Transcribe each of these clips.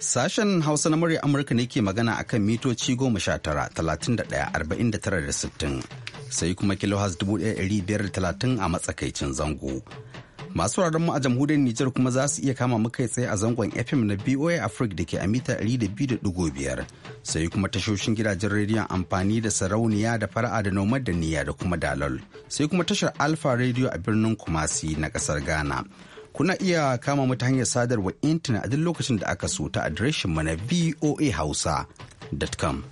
Sashen Hausa na murya Amurka ne ke magana a kan mitoci goma sha tara, talatin da ɗaya, da tara da sittin, sai kuma kilohas dubu ɗaya ɗari biyar da talatin a matsakaicin zango. Masu wuraren mu a jamhuriyar Nijar kuma za su iya kama muka kai tsaye a zangon FM na BOA Africa da ke a mita 200.5 sai kuma tashoshin gidajen rediyon amfani da sarauniya da fara'a da nomad da niyya da kuma dalol sai kuma tashar Alpha Radio a birnin Kumasi na kasar Ghana. Kuna iya kama mu ta hanyar sadarwa intanet a duk lokacin da aka so ta adireshin mu na voahausa.com.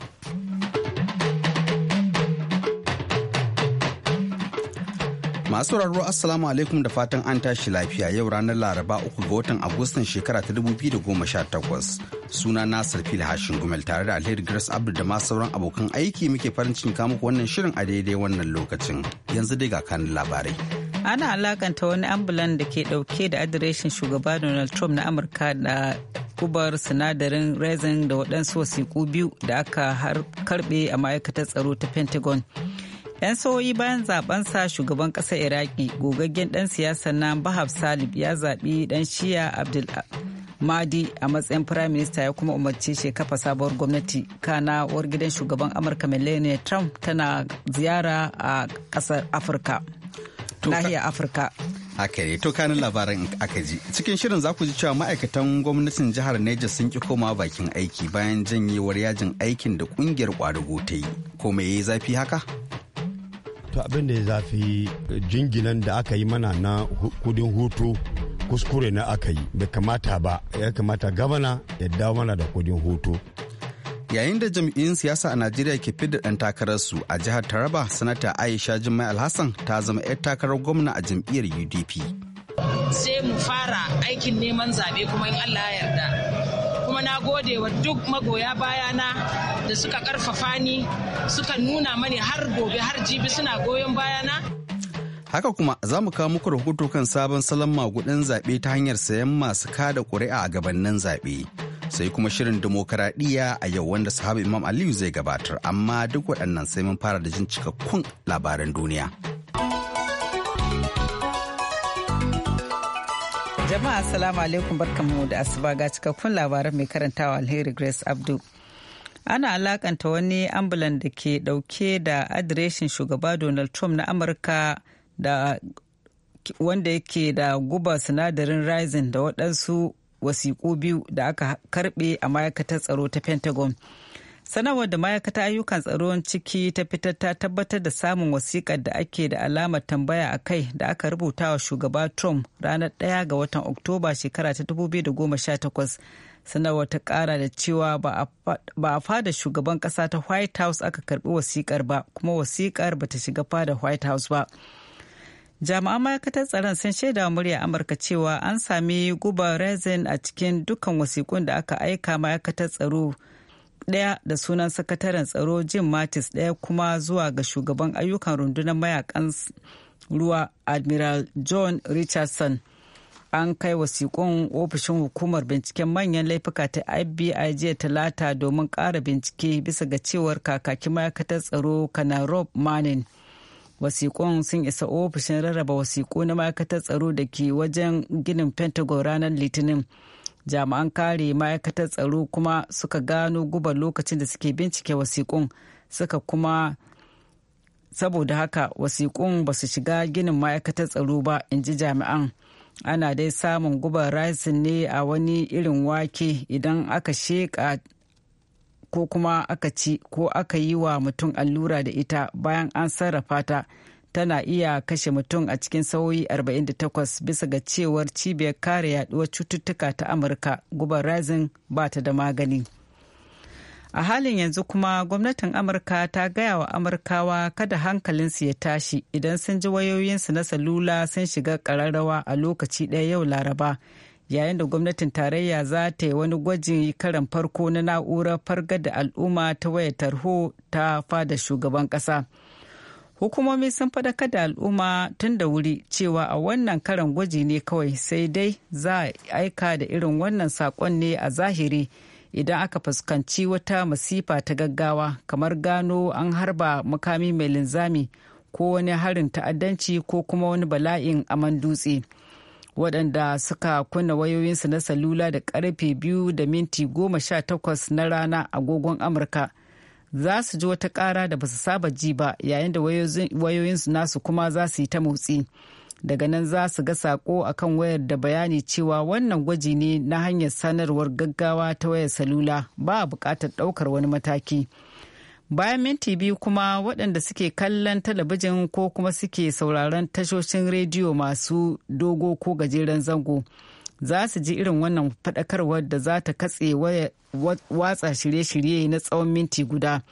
Masu raro Assalamu alaikum da fatan an tashi lafiya yau ranar Laraba uku ga watan Agustan shekara ta 2018. Suna Nasir Fili Hashin Gumel tare da Alheri Grace Abdul da masu sauran abokan aiki muke farin cikin muku wannan shirin a daidai wannan lokacin. Yanzu dai ga kanin labarai. ana alakanta wani ambulan da ke dauke da adireshin shugaba donald trump na amurka da kubar sinadarin resin da waɗansu wasiƙu biyu da aka karbe a ma'aikatar tsaro ta pentagon yan sauyi bayan zabensa shugaban ƙasar iraki gogaggen ɗan siyasa na bahab salib ya zaɓi ɗan shiya abdul mahdi a matsayin prime minister ya kuma umarci shi kafa sabuwar gwamnati kana gidan shugaban amurka melania trump tana ziyara a ƙasar afirka nahiyar afirka haka ne to kanin labarin aka ji cikin shirin za ku ji cewa ma'aikatan gwamnatin jihar Neja sun ki koma bakin aiki bayan janyewar yajin aikin da kungiyar kwadugo ta yi ko me yayi zafi haka to abin da ya zafi jinginan da aka yi mana na kudin hutu kuskure na aka yi bai kamata ba ya kamata gabana ya dawo mana da kudin hutu yayin da jam'iyyun siyasa a najeriya ke fidda ɗan takararsu a jihar taraba sanata aisha jimai alhassan ta zama 'yar takarar gwamna a jam'iyyar udp sai mu fara aikin neman zaɓe kuma in allah ya yarda kuma na gode wa duk magoya bayana da suka karfafa ni suka nuna mani har gobe har jibi suna goyon bayana haka kuma za mu kawo muku rahoto kan sabon salon magudan zaɓe ta hanyar sayan masu kada ƙuri'a a gabanin zaɓe sai kuma shirin demokaradiyya a yau wanda sahabu imam aliyu zai gabatar amma duk waɗannan sai mun fara da jin cikakkun labaran duniya jama'a assalamu alaikum barkamu da asuba ga cikakkun labaran mai karantawa alheri grace abdu ana alakanta wani ambulan da ke dauke da adireshin shugaba donald trump na amurka da wanda yake da guba sinadarin rising da waɗansu wasiƙu biyu da aka karɓe a ma'aikatar tsaro ta pentagon sanarwar da ma'aikatar ayyukan tsaron ciki ta fitar ta tabbatar da samun wasiƙar da ake da alamar tambaya a kai da aka rubuta wa shugaba trump ranar ɗaya ga watan oktoba shekara ta da goma 2018 sanarwar ta kara da cewa ba a fada shugaban ƙasa ta white house aka karbi wasiƙar ba kuma wasiƙar bata shiga fada white house ba jami'an ma'aikatar tsaron sun shaida murya amurka cewa an sami guba resin a cikin dukkan wasikun da aka aika ma'aikatar tsaro ɗaya da sunan sakataren tsaro jim matis ɗaya kuma zuwa ga shugaban ayyukan rundunar mayakan ruwa admiral john richardson an kai wasiƙun ofishin hukumar binciken manyan laifuka ta fbi jiya talata domin ƙara bincike bisa ga cewar kakakin ma'aikatar tsaro kana rob manning wasiƙun sun isa ofishin rarraba wasiƙu na ma'aikatar tsaro da ke wajen ginin pentagon ranar litinin jami'an kare ma'aikatar tsaro kuma suka gano guba lokacin da suke bincike wasiƙun suka kuma saboda haka wasiƙun ba su shiga ginin ma'aikatar tsaro ba in ji jami'an ana dai samun guba rising ne a wani irin wake idan aka sheka. ko kuma aka ci ko aka yi wa mutum allura da ita bayan an sarrafa ta tana iya kashe mutum a cikin sauyi 48 bisa ga cewar cibiyar kare yaduwar cututtuka ta amurka gubar rising ba ta da magani a halin yanzu kuma gwamnatin amurka ta gaya wa amurkawa kada hankalinsu ya tashi idan sun ji wayoyinsu na salula sun shiga kararrawa a lokaci ɗaya yau laraba yayin da gwamnatin tarayya za ta yi wani gwaji karan farko na na'urar fargar da al'umma ta wayar tarho ta fada shugaban ƙasa. Hukumomi sun fadakar da al'umma tun da wuri cewa a wannan karan gwaji ne kawai sai dai za a aika da irin wannan sakon ne a zahiri idan aka fuskanci wata masifa ta gaggawa kamar gano an harba makami mai linzami ko wani harin ta'addanci ko kuma wani bala'in aman dutse. waɗanda suka kunna wayoyinsu na salula da ƙarfe biyu da minti goma sha takwas na rana agogon amurka za su ji wata ƙara da ba su saba ji ba yayin da wayoyinsu nasu kuma za su yi ta motsi daga nan za su ga sako akan wayar da bayani cewa wannan gwaji ne na hanyar sanarwar gaggawa ta wayar salula ba a buƙatar ɗaukar wani mataki. bayan minti biyu kuma waɗanda suke kallon talabijin ko kuma suke sauraron tashoshin rediyo masu dogo ko gajeren zango za su ji irin wannan faɗakarwar da za ta katse watsa shirye-shirye na tsawon minti guda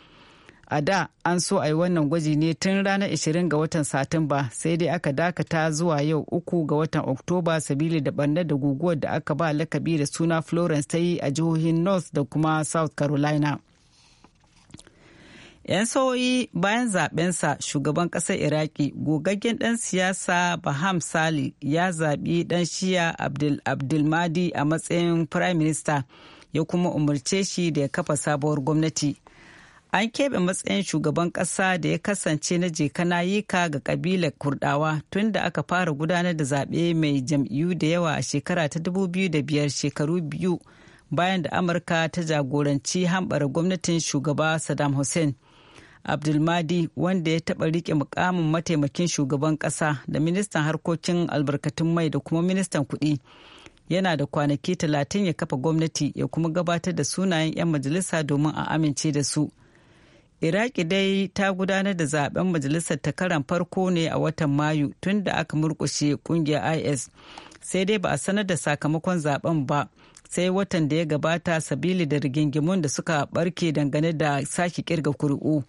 a da an so a yi wannan gwaji ne tun ranar 20 ga watan satumba sai dai aka dakata zuwa yau uku ga watan oktoba sabili da barna da guguwar da aka ba lakabi da suna florence ta yi a jihohin north da kuma south carolina 'yan sauyi bayan zabensa shugaban ƙasar iraki gogaggen ɗan siyasa baham sali ya zaɓi ɗan shiya abdul abdulmadi a matsayin prime minister ya kuma umarce shi da ya kafa sabuwar gwamnati an keɓe matsayin shugaban ƙasa da ya kasance na jekanayika ga ƙabilar kurdawa tun da aka fara gudanar da zaɓe mai jam'iyyu da yawa a shekara ta 2005 shekaru biyu bayan da amurka ta jagoranci hambara gwamnatin shugaba saddam hussein abdulmadi wanda ya taɓa rike mukamin mataimakin shugaban ƙasa da ministan harkokin albarkatun mai da kuma ministan kuɗi yana da kwanaki talatin ya kafa gwamnati ya kuma gabatar da sunayen 'yan majalisa domin a amince da su iraki dai ta gudanar da zaben majalisar ta karan farko ne a watan mayu tun da aka murkushe kungiyar is sai dai ba a sanar da sakamakon zaben ba sai watan da ya gabata sabili da rigingimun da suka barke dangane da sake kirga kuri'u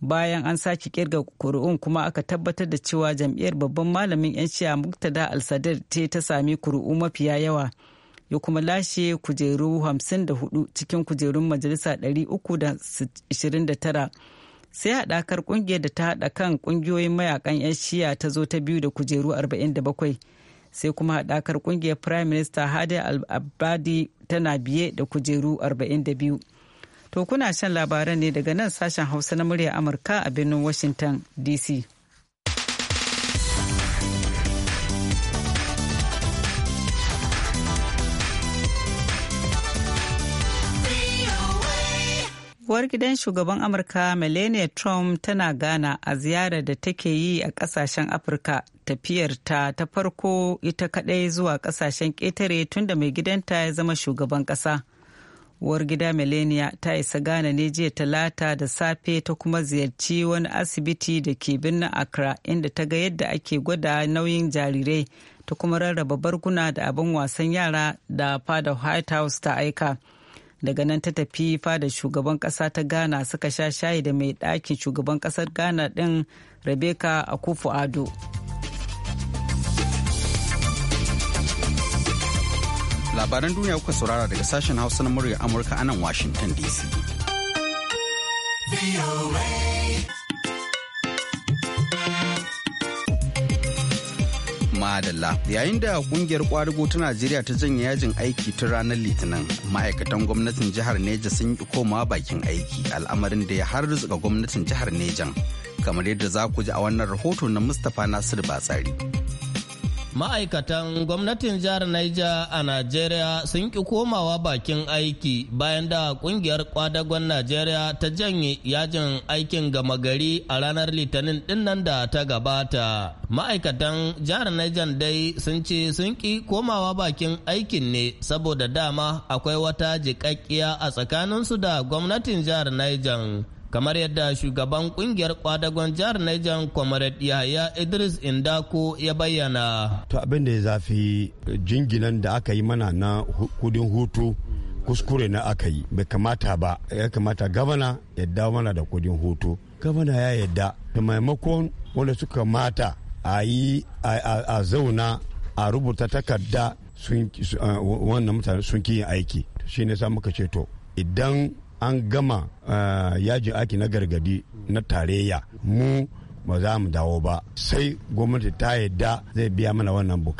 bayan an sake kirga kuri'un kuma aka tabbatar da cewa jam'iyyar babban malamin 'yan shiya muktada al-sadar ce ta sami kuri'u mafiya yawa ya kuma lashe kujeru 54 cikin kujerun majalisa 329 sai haɗakar ƙungiyar da ta haɗa kan ƙungiyoyin mayakan 'yan shiya ta zo ta biyu da kujeru 47 sai kuma haɗakar ƙungiyar prime minister hadi al-abadi tana biye da kujeru 42 To kuna shan labaran ne daga nan sashen Hausa na murya Amurka a birnin Washington DC. Uwar gidan shugaban Amurka Melania Trump tana gana a ziyarar da take yi a kasashen Afirka tafiyar ta ta farko ita kadai zuwa kasashen ƙetare tunda mai gidanta ya zama shugaban ƙasa. uwar gida melania ta isa ghana ne jiya talata da safe ta kuma ziyarci wani asibiti da ke birnin accra inda ta ga yadda ake gwada nauyin jarirai ta kuma rarraba barguna da abin wasan yara da fada white house ta aika daga nan ta tafi fada shugaban kasa ta ghana suka sha shayi da mai ɗakin shugaban kasar ghana ɗin rebecca akufo ado Labaran duniya kuka saurara daga sashen Hausa na murya Amurka anan Washington DC. Madalla yayin da kungiyar kwarigo ta Najeriya ta janye yajin aiki tun ranar Litinin ma'aikatan gwamnatin jihar Neja sun yi komawa bakin aiki al'amarin da ya har ga gwamnatin jihar Nejan kamar yadda za ku ji a wannan rahoto na Mustapha Nasir Batsari. Ma'aikatan gwamnatin jihar Niger a Najeriya sun ki komawa bakin aiki bayan da kungiyar kwadagon Najeriya ta janye yajin aikin gama gari a ranar Litinin dinnan da ta gabata. Ma'aikatan jihar Niger dai sun ce sun ki komawa bakin aikin ne saboda dama akwai wata jiƙaƙƙiya a tsakaninsu da gwamnatin jihar Niger. kamar yadda shugaban kungiyar kwadagon jihar Niger Comrade Yahaya Idris Indako ya bayyana. To abin da ya zafi jinginan da aka yi mana na kudin hutu kuskure na aka yi bai kamata ba ya kamata gabana ya dawo mana da kudin hutu gabana ya yadda da maimakon wanda suka mata a yi a zauna a rubuta takarda wannan mutane sun ki yin aiki shi ne sa muka ce to idan an gama eh, yajin aiki na gargadi na tarayya mu ba za mu dawo ba sai gwamnati ta yadda zai biya mana wannan mu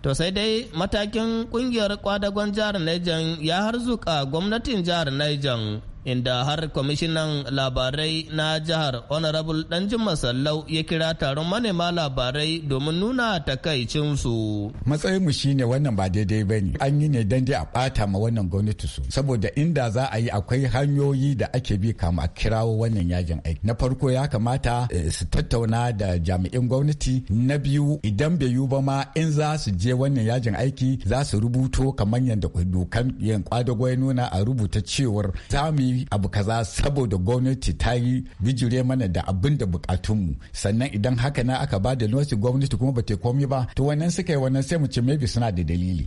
To sai dai matakin kungiyar kwadagon jihar Niger ya harzuka gwamnatin jihar Niger inda har kwamishinan labarai na jihar honorable danjin masallau ya kira taron manema labarai domin nuna takaicinsu. matsayin mu shine wannan ba daidai ba ne an yi ne dan a bata ma wannan gwamnati su saboda inda za a yi akwai hanyoyi da ake bi kama a kirawo wannan yajin aiki na farko ya kamata eh, su tattauna da jami'in gwamnati na biyu idan bai yiwu ba ma in za su je wannan yajin aiki za su rubuto kamar yadda dokan yan kwadagwai nuna a rubuta cewar za abu kaza saboda gwamnati ta yi bijire mana da abin da bukatunmu sannan idan haka na aka ba da nosi gwamnati kuma ba ta komi ba to wannan suka yi wannan sai mu ce maybe suna da dalili.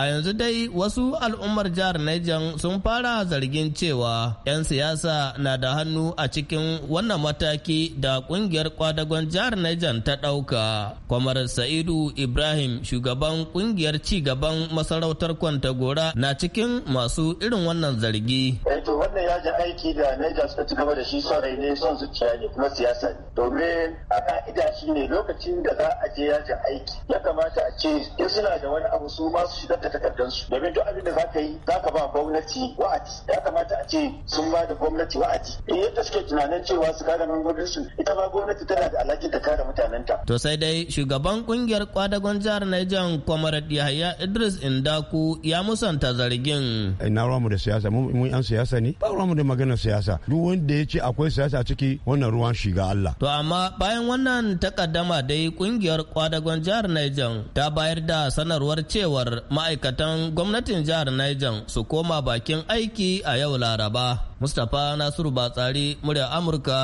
a yanzu dai wasu al'ummar jihar Niger sun fara zargin cewa 'yan siyasa na da hannu a cikin wannan mataki da kungiyar kwadagon jihar Niger ta ɗauka. Kwamar Sa'idu Ibrahim shugaban kungiyar ci gaban masarautar Kwantagora na cikin masu irin wannan zargi. Eh, wannan ya ji aiki da Niger suka ci gaba da shi son ne son zuciya ne kuma siyasa ne domin a ka'ida shi ne lokacin da za a je ji aiki ya kamata a ce in suna da wani abu su ma su shigar da takardansu domin duk abin da za ka yi za ka ba gwamnati wa'adi ya kamata a ce sun ba da gwamnati wa'adi in eh, yadda suke tunanin cewa su kare su ita ma gwamnati tana da alhakin ta kare mutanenta. to sai dai shugaban kungiyar kwadagon jihar Niger Kwamarat Yahaya Idris Indaku ya musanta zargin. Ina mu da siyasa mun yan siyasa ne. Ba ruwan mu da maganar siyasa duk wanda ya ce akwai siyasa ciki wannan ruwan shiga Allah to amma bayan wannan takaddama dai kungiyar kwadagon jihar Niger ta bayar da sanarwar cewar ma'aikatan gwamnatin jihar Niger su koma bakin aiki a yau Laraba Mustapha Nasiru Batsari murya Amurka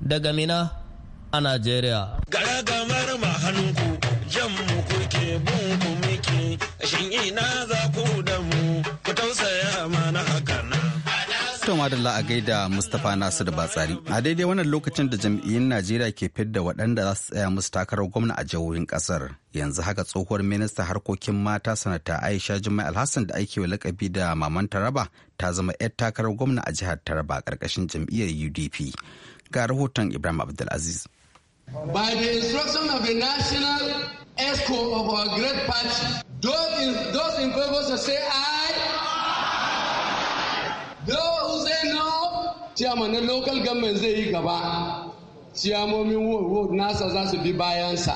daga Mina a Najeriya. Garagamar mahanku mu kuke bunku miki shin ina za ku da mu ku tausaya mana hakan. To madalla a gaida Mustapha Nasu da Batsari. A daidai wannan lokacin da jam'iyyun Najeriya ke fidda waɗanda za su tsaya musu takarar gwamna a jihohin ƙasar. Yanzu haka tsohuwar minista harkokin mata sanata Aisha Jummai Alhassan da ake wa lakabi da Maman Taraba ta zama 'yar takarar gwamna a jihar Taraba ƙarƙashin jam'iyyar UDP. Ga rahoton Ibrahim Abdulaziz. By the instruction of the National ESCO of our great party, those in, those in favor say aye. Those they na local government zai yi gaba, ciyamomin ward nasa za su bi bayansa,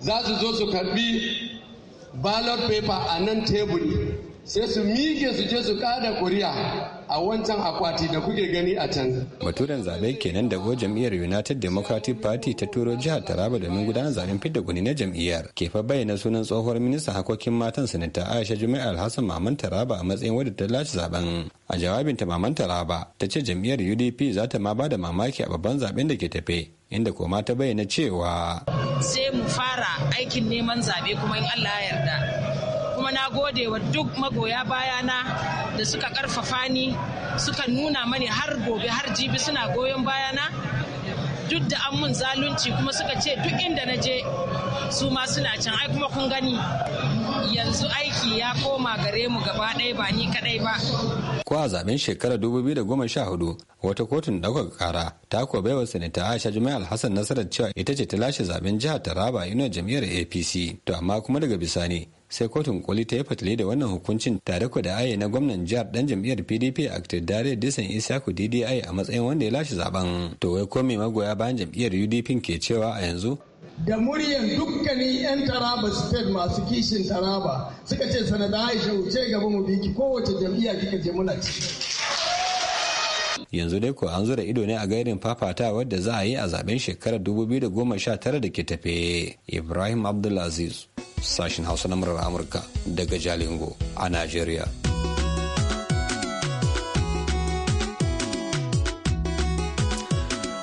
za su zo su karbi ballot paper a nan teburi. sai su mike su je su kada ƙuri'a a wancan akwati da kuke gani a can. Baturen zabe kenan da go jam'iyyar United Democratic Party ta turo jihar Taraba domin gudanar zaben fidda gwani na jam'iyyar. Ke fa bayyana sunan tsohuwar ministan hakokin matan sanata Aisha Jumai Alhassan Maman Taraba a matsayin wadda ta lashe zaben. A jawabin ta Maman Taraba ta ce jam'iyyar UDP za ta ma ba da mamaki a babban zaben da ke tafe. inda koma ta bayyana cewa sai mu fara aikin neman zabe kuma in Allah ya yarda kuma na gode wa duk magoya bayana da suka karfafa ni suka nuna mani har gobe har jibi suna goyon bayana duk da an mun zalunci kuma suka ce duk inda na je su ma suna can ai kuma kun gani yanzu aiki ya koma gare mu gaba ɗaya ba ni kaɗai ba. Ko a zaben shekarar 2014 wata kotun ɗaukar ƙara ta ko baiwa sanata Aisha Juma'a Alhassan nasarar cewa ita ce ta lashe zaben jihar Taraba ino jam'iyyar APC to amma kuma daga bisani sai kotun koli ta yi fatali da wannan hukuncin tare ku da aye na gwamnan jihar dan jam'iyyar pdp a aktidare disan isaku ddi a matsayin wanda ya lashe zaben to wai ko magoya bayan jam'iyyar udp ke cewa a yanzu da muryan dukkanin 'yan taraba state masu kishin taraba suka ce sanada aisha wuce gaba mu biki kowace jam'iyya kika je muna ci yanzu dai ko an zura ido ne a gairin fafata wadda za a yi a zaben shekarar 2019 da ke tafe ibrahim abdulaziz sashen hausa na murar amurka daga jalingo a nigeria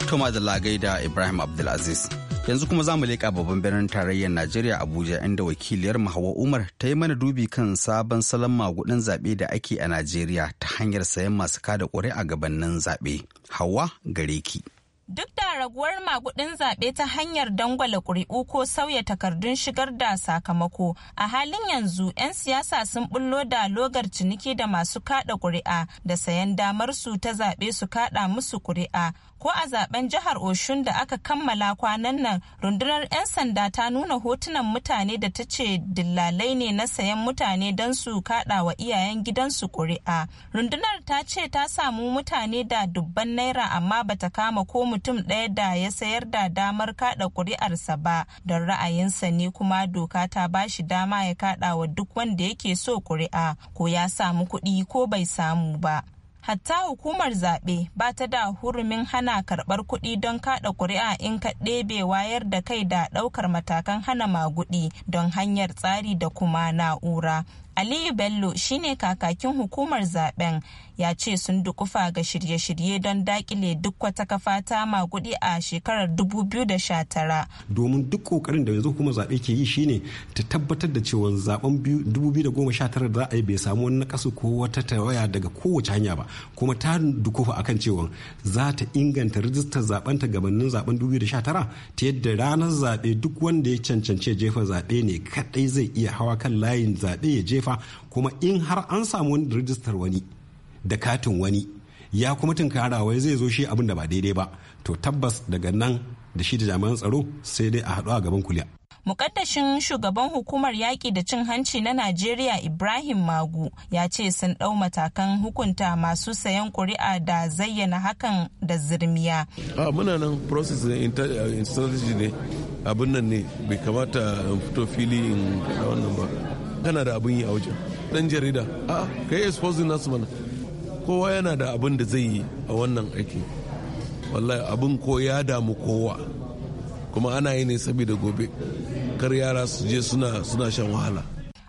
Toma da lagai da Ibrahim Abdulaziz. Yanzu kuma za mu leƙa babban birnin tarayyar Najeriya Abuja inda wakiliyar Hawa Umar ta yi mana dubi kan sabon salon magudan zaɓe da ake a Najeriya ta hanyar sayan masu kada ƙuri'a gabanin zaɓe. Hawa gare ki. Duk da raguwar maguɗin zaɓe ta hanyar dangwala ƙuri'u ko sauya takardun shigar da sakamako. A halin yanzu, 'yan siyasa sun bullo da logar ciniki da masu kaɗa ƙuri'a da sayan damar su ta zaɓe su kaɗa musu ƙuri'a. Ko a zaben jihar Oshun da aka kammala kwanan nan, rundunar 'yan sanda ta nuna hotunan mutane da ta ce dillalai ne na sayan mutane don su kaɗa wa iyayen gidansu ƙuri'a. Rundunar ta ce ta samu mutane da dubban naira amma bata kama ko mutum ɗaya yadda ya sayar da damar kada kuri'arsa ba don ra'ayinsa ne kuma doka ta ba shi dama ya kada wa duk wanda yake so kuri'a ko ya samu kuɗi ko bai samu ba hatta hukumar zaɓe ba ta da hurumin hana karɓar kuɗi don kaɗa ƙuri'a in ka ɗebe wayar da kai da ɗaukar matakan hana maguɗi don hanyar tsari da kuma na'ura aliyu bello shine kakakin hukumar zaben ya ce sun dukufa ga shirye-shirye don dakile duk wata kafa ta magudi a shekarar 2019 domin duk kokarin da yanzu hukumar zaɓe ke yi shine ta tabbatar da cewa zaben 2019 da za a yi bai samu wani nakasu ko wata tawaya daga kowace hanya ba kuma ta dukufa akan cewa za ta inganta rijistar zaben ta gabanin zaben 2019 ta yadda ranar zaɓe duk wanda ya cancance jefa zaɓe ne kadai zai iya hawa kan layin zaɓe ya jefa fa kuma in har an samu wani rijistar wani da katin wani ya kuma tunkara wai zai zo shi abin da ba daidai ba to tabbas daga nan da shi da jami'an tsaro sai dai a haɗu a gaban kuliya mukaddashin shugaban hukumar yaƙi da cin hanci na najeriya ibrahim magu ya ce sun ɗau matakan hukunta masu sayan ƙuri'a da zayyana hakan da zirmiya a muna nan process eh, strategy ne abin nan ne bai kamata in fito fili in wannan ba kana da abin yi a wajen dan jarida a yi exposing nasu mana kowa yana da abin da zai yi a wannan aiki wallahi abin ko ya damu kowa kuma ana yi ne saboda gobe kar yara su je suna suna shan wahala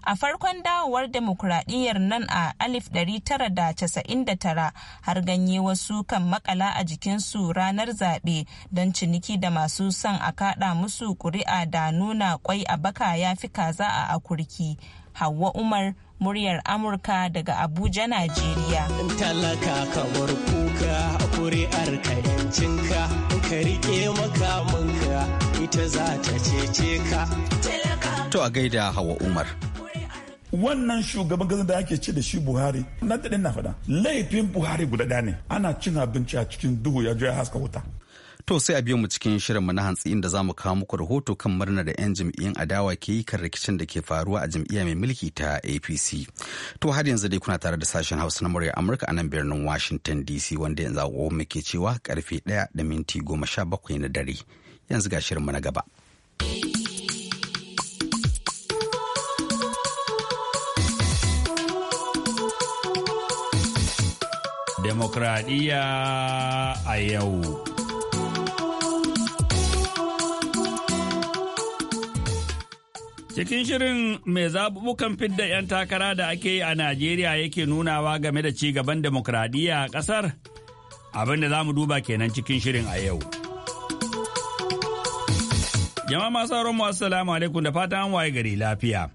a farkon dawowar demokuraɗiyyar nan a 1999 har ganye wasu kan makala a jikinsu ranar zaɓe don ciniki da masu son a kaɗa musu ƙuri'a da nuna kwai a baka ya fi kaza a akurki Hauwa Umar muryar Amurka daga Abuja, Najeriya. Talaka ka bar kuka kuri'ar ka ka rike makamanka ita za ta cece ka. To a gaida Hauwa Umar. wannan shugaban gazan da ake ce da shi buhari na daɗin na faɗa laifin buhari guda ɗaya ne ana cin abinci a cikin duhu ya ya haska wuta To sai a biyo mu cikin shirinmu na hantsi inda za kawo muku rahoto kan murnar da 'yan jam'iyyun adawa ke yi kan rikicin da ke faruwa a jam'iyya mai mulki ta APC. To har yanzu dai kuna tare da sashen Hausa na murya Amurka a nan birnin Washington DC wanda yanzu a mu ke cewa karfe 1 da minti 17 na dare. Yanzu ga shirinmu na gaba. Demokradiyya a yau. Cikin shirin mai zaɓuɓɓukan fidda 'yan takara da ake yi a Najeriya yake nunawa game da ci gaban demokradiyya a ƙasar? Abin da za mu duba kenan cikin shirin a yau. Jama'a masu sauran mu assalamu alaikum da fatan an waye gari lafiya.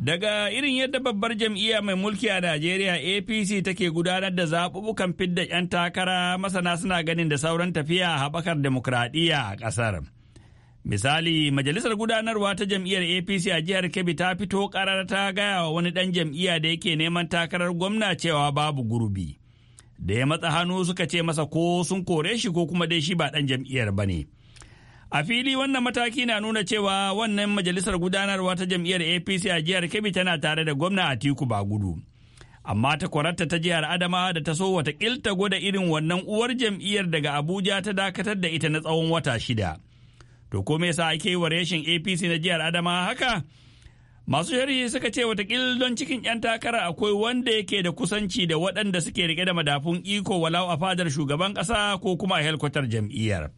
Daga irin yadda babbar jam'iyya mai mulki a Najeriya APC take gudanar da zaɓuɓɓukan fidda 'yan takara masana suna ganin da sauran tafiya a haɓakar demokradiyya a ƙasar. Misali, majalisar gudanarwa ta jam'iyyar APC a jihar Kebbi ta fito karar ta gaya wa wani ɗan jam'iyya da yake neman takarar gwamna cewa babu gurbi. Da ya matsa hannu suka ce masa ko sun kore shi ko kuma dai shi ba ɗan jam'iyyar ba ne. A fili wannan mataki na nuna cewa wannan majalisar gudanarwa ta jam'iyyar APC a jihar Kebbi tana tare da gwamna Atiku Bagudu. Amma ta kwararta ta jihar Adama da ta so wata kilta gwada irin wannan uwar jam'iyyar daga Abuja ta dakatar da ita na tsawon wata shida. To ko me yasa ake yi wa reshen APC na jihar Adama haka? Masu sharhi suka ce watakil don cikin 'yan takara akwai wanda yake da kusanci da waɗanda suke rike da madafun iko walau a fadar shugaban ƙasa ko kuma a helkwatar jam'iyyar.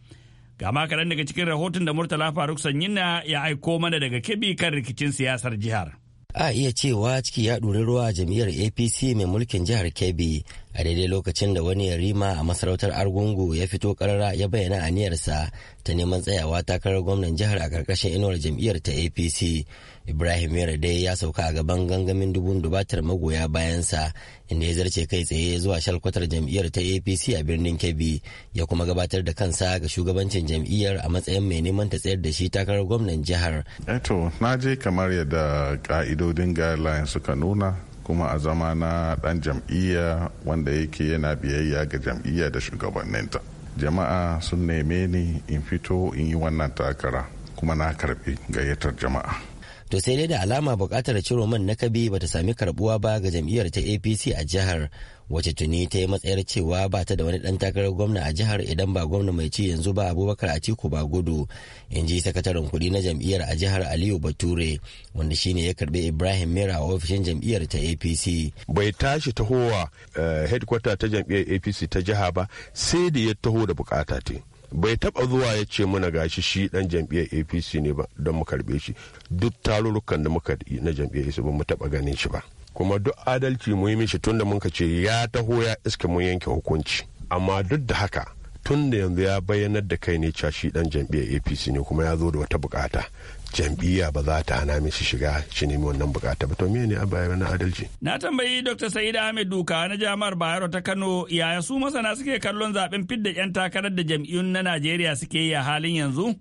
Ga kaɗan daga cikin rahoton da Murtala Faruk Sanyina ya aiko mana daga kebi kan rikicin siyasar jihar. a iya cewa ciki ya ɗori ruwa a jam'iyyar apc mai mulkin jihar kebbi a daidai lokacin da wani yarima a masarautar argungu ya fito karara ya bayyana aniyarsa ta neman tsayawa takarar gwamnan jihar a ƙarƙashin inuwar jam'iyyar ta apc ibrahim mera dai ya sauka a gaban gangamin dubun dubatar magoya bayansa inda ya zarce kai tsaye zuwa shalkwatar jam'iyyar ta apc a birnin kebbi ya kuma gabatar da kansa ga shugabancin jam'iyyar a matsayin mai neman ta tsayar da shi takarar gwamnan jihar eto eh na je kamar yadda ka'idodin guidelines suka nuna kuma a zama na dan jam'iyya wanda yake yana biyayya ga jam'iyya da shugabanninta jama'a sun neme ni in fito in yi wannan takara kuma na karbi gayyatar jama'a to sai dai da alama bukatar ciro man na kabi ta sami karbuwa ba ga jam'iyyar ta apc a jihar wacce tuni ta yi matsayar cewa ba ta da wani dan takarar gwamna a jihar idan ba gwamna mai ci yanzu ba abubakar atiku ba gudu in ji sakataren kudi na jam'iyyar a jihar aliyu bature wanda shine ya karbi ibrahim mera a ofishin jam'iyyar ta apc bai tashi tahowa eh, headquarter ta jam'iyyar apc ta jiha ba sai da ya taho da bukata te bai taba zuwa ya ce muna gashi shi dan jam'iyyar apc ne ba don mu karbe shi duk tarurrukan da muka yi na jam'iyyar apc ba mu taba ganin shi ba kuma duk adalci mu yi mishi tunda mun ka ce ya taho ya iska mun yanke hukunci amma duk da haka tunda yanzu ya bayyanar da kai ne cewa shi dan jam'iyyar apc ne kuma ya zo da wata bukata jam'iyya ba za ta hana mishi shiga shi nemi wannan bukata ba to me ne abaya na adalci na tambayi dr sa'id ahmed duka na jami'ar bayero ta kano yaya su masana suke kallon zaben fidda yan takarar da jam'iyyun na najeriya suke yi a halin yanzu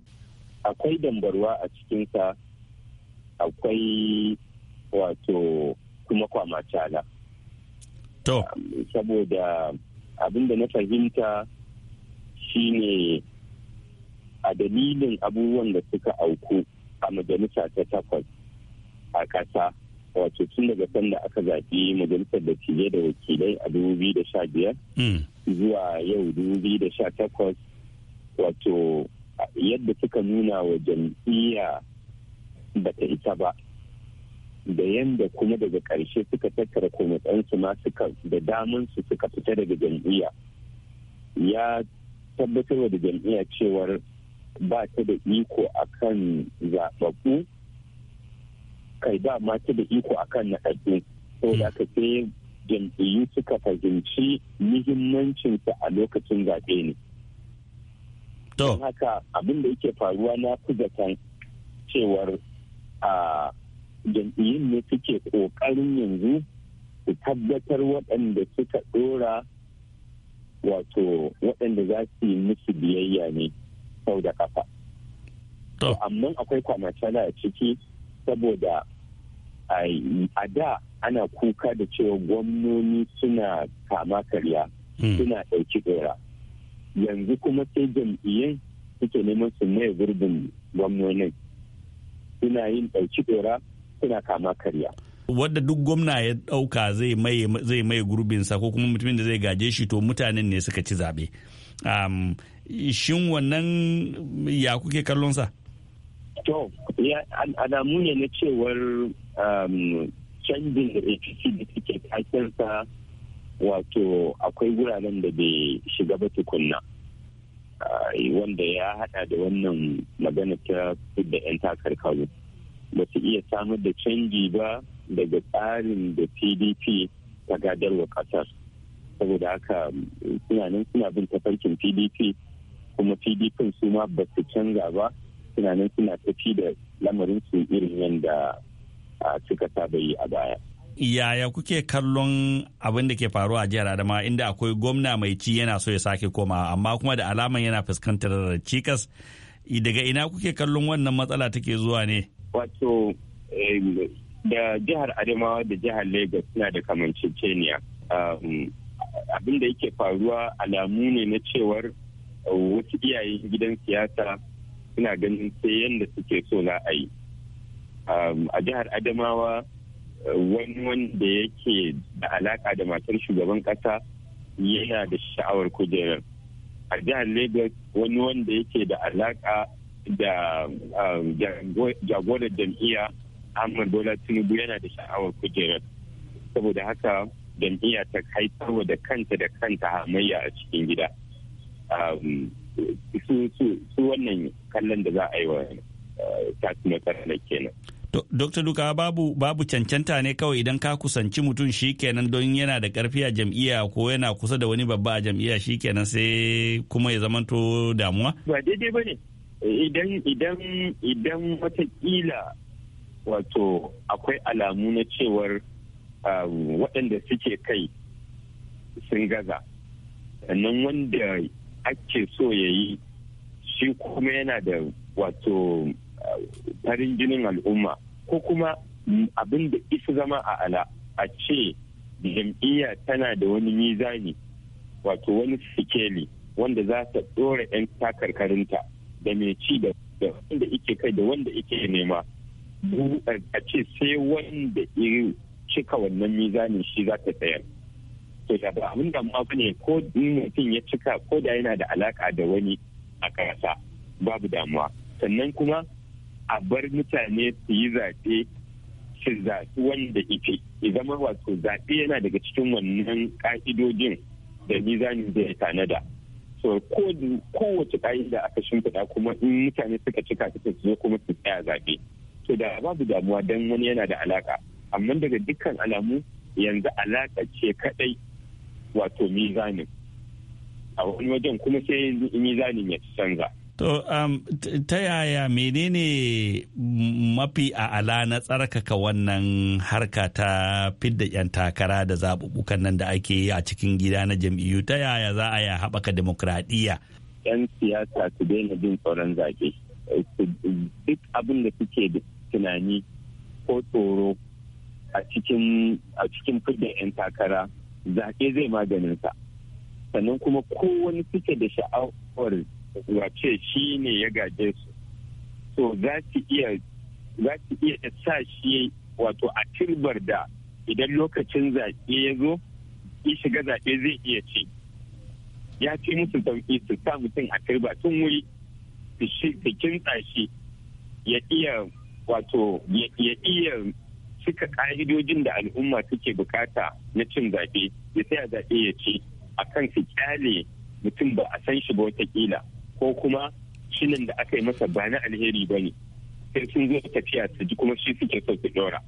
akwai dambarwa a cikin sa akwai wato kuma kwamacala to um, saboda abin da na fahimta shine a dalilin abubuwan da suka auku a majalisa ta takwas a kasa wato tun daga sanda aka zaɓi majalisar da ke da wakilai a biyar hmm. zuwa yau takwas wato yadda suka nuna wa jam'iyya ba ta ita ba da yadda kuma daga ƙarshe suka tattara komatsansu ma suka da damansu suka fita daga jam'iyya ya tabbatar da jam'iyya cewar ba ta da iko akan zaɓaɓɓu kai ba ma ta da iko akan naɗaɗɗu ko da ka ce jam'iyyu suka fahimci muhimmancinsa a lokacin zaɓe ne. Don haka abin da yake faruwa na fi zaton cewar a jam'iyyun ne suke ƙoƙarin yanzu su tabbatar waɗanda suka ɗora wato waɗanda za su yi musu biyayya ne sau da kafa amma akwai kwamacala a ciki saboda a da ana kuka da cewa gwamnoni suna kama karya hmm. suna ɗauki ɗora yanzu kuma sai jam'iyyar suke neman su maye gurbin gwamnonin suna yin ɗauki ɗora suna kama karya wadda duk gwamna ya ɗauka zai maye gurbinsa ko kuma mutumin da zai gaje shi to mutanen ne suka ci zaɓe shin wannan ya kuke kallon sa to alamu ne na cewar um, canjin da apc da suke kakinsa wato akwai wuraren da bai shiga ba tukunna wanda ya hada da wannan magana ta da 'yan takarkaru ba su iya samar da canji ba daga tsarin da pdp ta gadarwa kasar saboda haka tunanin suna bin tafarkin pdp kuma pdp su ma ba su canza ba tunanin suna tafi da lamarin su irin yadda suka saba yi a baya yaya kuke kallon abin da ke faruwa a jihar adama inda akwai gwamna mai ci yana so ya sake koma amma kuma da alaman yana fuskantar cikas daga ina kuke kallon wannan matsala take zuwa ne wato eh, da jihar adamawa da jihar lagos suna da kamanceceniya um, abin da yake faruwa alamu ne na cewar wasu iyayen gidan siyasa suna ganin sai yadda suke so na yi um, a jihar adamawa uh, wani wanda yake da alaka da matar shugaban kasa yana da sha'awar kujerar a jihar lagos wani wanda yake da alaka da um, jagorar jam'iyya ahmad bola tinubu yana da sha'awar kujerar saboda haka jam'iyya ta haifarwa da kanta da kanta hamayya a cikin gida Um, su wannan kallon da za a yi wa uh, tasu matsalar kenan. Dr. Duka babu babu cancanta ne kawai idan ka kusanci mutum shi kenan don yana da karfi a jam'iyya ko yana kusa da wani babba a jam'iya shi kenan sai kuma ya zamanto damuwa? Ba daidai ba ne. Idan idan idan watakila wato akwai alamu na cewar um, waɗanda suke kai sun gaza. Sannan wanda ake so ya yi shi kuma yana da wato eh, farin jinin al'umma ko kuma mm, abin da isa zama a ala a ce jam'iyya tana da wani mizani wato wani sikeli wanda za ta ɗora 'yan takarkarinta da mai ci da wanda ike kai da wanda ike nema eh, a ce sai wanda iri cika wannan mizanin shi za ta tsayar ke da ba abin damuwa ba ne ko mutum ya cika ko da yana da alaka da wani a kasa babu damuwa sannan kuma a bar mutane su yi zaɓe su zaɓi wanda ike zama wato zaɓe yana daga cikin wannan ƙa'idojin da mizanin zai tanada so ko kowace ƙa'ida aka shimfiɗa kuma in mutane suka cika suka zo kuma su tsaya zaɓe to da babu damuwa dan wani yana da alaka amma daga dukkan alamu yanzu alaƙa ce kaɗai wato mizanin a wani wajen kuma sai mizanin ya canza To, um, ta yaya menene mafi a'ala na tsarkaka wannan harka ta fidda 'yan takara da zaɓuɓɓukan nan da ake yi a cikin gida na jam'iyyu ta yaya za a yi haɓaka demokradiyya? 'Yan siyasa su daina bin tsoron zaɓe. Duk abin da suke da tunani ko tsoro a cikin fidda 'yan takara zaɓe zai maganin sa sannan kuma kowani suke da sha'awar wace shi ne ya gaje su so za su iya sa shi wato a tilbar da idan lokacin zaɓe ya zo ya shiga zaɓe zai iya ci ya fi musu sauƙi su sa mutum a tilbar tun wuri su kinsa shi ya iya wato ya iya cika ƙa'idojin da al'umma suke bukata na cin zaɓe ya saya zaɓe ya ce a kan su kyale mutum ba a san shi ba watakila ko kuma shinin da aka yi masa ba na alheri ba ne sai sun zo tafiya su ji kuma shi suke so su ɗora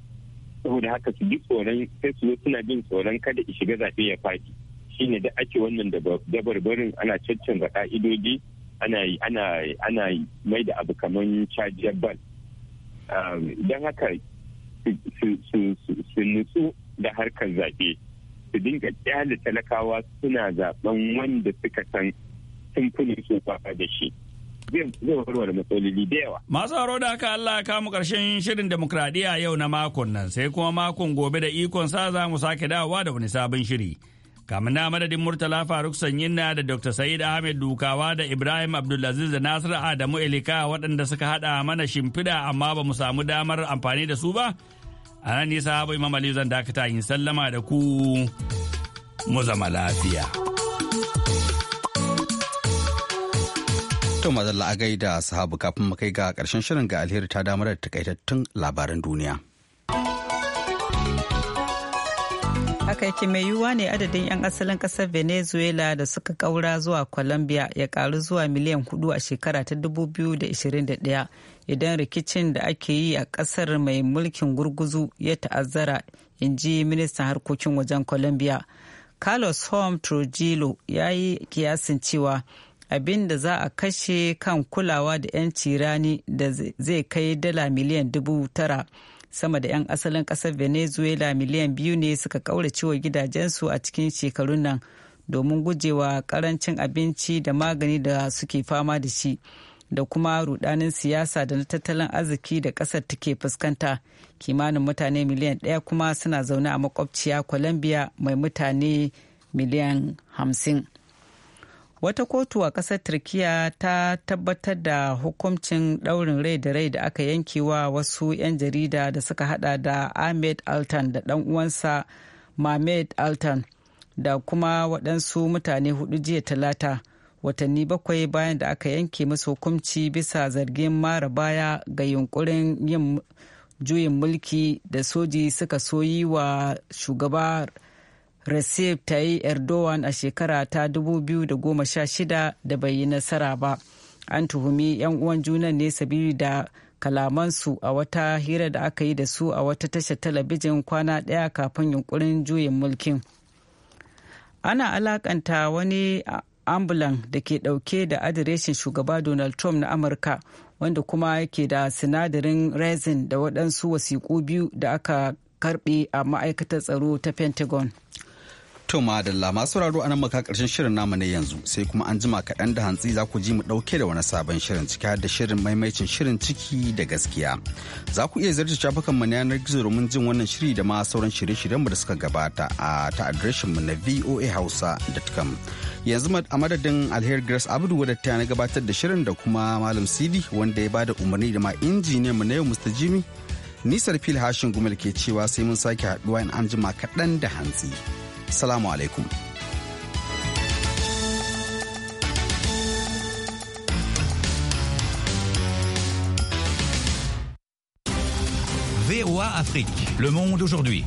saboda haka su ji tsoron sai su zo suna bin tsoron kada i shiga zaɓe ya faɗi shine da ake wannan dabarbarin ana caccanza ƙa'idoji ana ana ana mai da abu kaman cajiyar ball don haka su nutsu da harkar zaɓe su dinga kyale talakawa suna zaɓen wanda suka san sun kuni su da shi zai warware matsaloli da yawa. Masu haro da haka Allah ya kamu ƙarshen shirin demokradiyya yau na makon nan sai kuma makon gobe da ikon sa za mu sake dawowa da wani sabon shiri. kamuna madadin murtala faruk sanyinna da dr sa'id ahmed dukawa da ibrahim abdulaziz da Nasiru adamu elika waɗanda suka haɗa mana shimfiɗa amma ba mu samu damar amfani da su ba a nan nisa habu imam zan dakata yin sallama da ku mu zama lafiya to a gaida sahabu kafin mu kai ga ƙarshen shirin ga alheri ta damar da takaitattun labaran duniya haka yake mai yiwuwa ne adadin 'yan asalin ƙasar venezuela da suka kaura zuwa colombia ya karu zuwa miliyan hudu a shekara ta 2021 idan rikicin da ake yi a ƙasar mai mulkin gurguzu ya ta'azzara in ji ministan harkokin wajen colombia carlos home trujillo ya yi kiyasin cewa abin da za a kashe kan kulawa da 'yanci rani da zai kai dala miliyan dubu tara sama da 'yan asalin ƙasar venezuela miliyan biyu ne suka ƙauracewa gidajensu a cikin shekarun nan domin gujewa ƙarancin abinci da magani da suke fama da shi da kuma rudanin siyasa da na tattalin arziki da ƙasar take fuskanta kimanin mutane miliyan ɗaya kuma suna zaune a makwabciya colombia mai mutane miliyan hamsin. wata kotu a ƙasar turkiya ta tabbatar da hukuncin ɗaurin rai da rai da aka yanke wa wasu 'yan jarida da suka hada da ahmed altan da ɗan uwansa mahmed altan da kuma waɗansu mutane hudu jiya talata watanni bakwai bayan da aka yanke musu hukunci bisa zargin mara baya ga yunkurin yin juyin mulki da soji suka soyi wa shugaba recep yi erdogan a shekara ta 2016 da bai yi nasara ba an tuhumi 'yan uwan junan ne sabili da kalamansu a wata hira da aka yi da su a wata tashar talabijin kwana ɗaya kafin yunkurin juyin mulkin ana alakanta wani ambulan da ke ɗauke da adireshin shugaba donald trump na amurka wanda kuma yake da sinadarin resin da waɗansu wasiƙu biyu da aka karɓe a ma'aikatar tsaro ta pentagon To madalla masu sauraro anan maka karshen shirin namu ne yanzu sai kuma an jima kaɗan da hantsi za ku ji mu ɗauke da wani sabon shirin cika da shirin maimaicin shirin ciki da gaskiya. Za ku iya zarta shafukan mu na yanar gizo domin jin wannan shiri da ma sauran shirye-shiryen mu da suka gabata a ta adireshin mu na voahausa.com. Yanzu a madadin Alheri Grace Abdu wadda ta na gabatar da shirin da kuma Malam Sidi wanda ya ba da umarni da ma injiniyan mu na yau Mr. Jimmy. Nisar fil hashin gumel ke cewa sai mun sake haɗuwa in an jima kaɗan da hantsi. Salam alaikum. VOA Afrique, le monde aujourd'hui.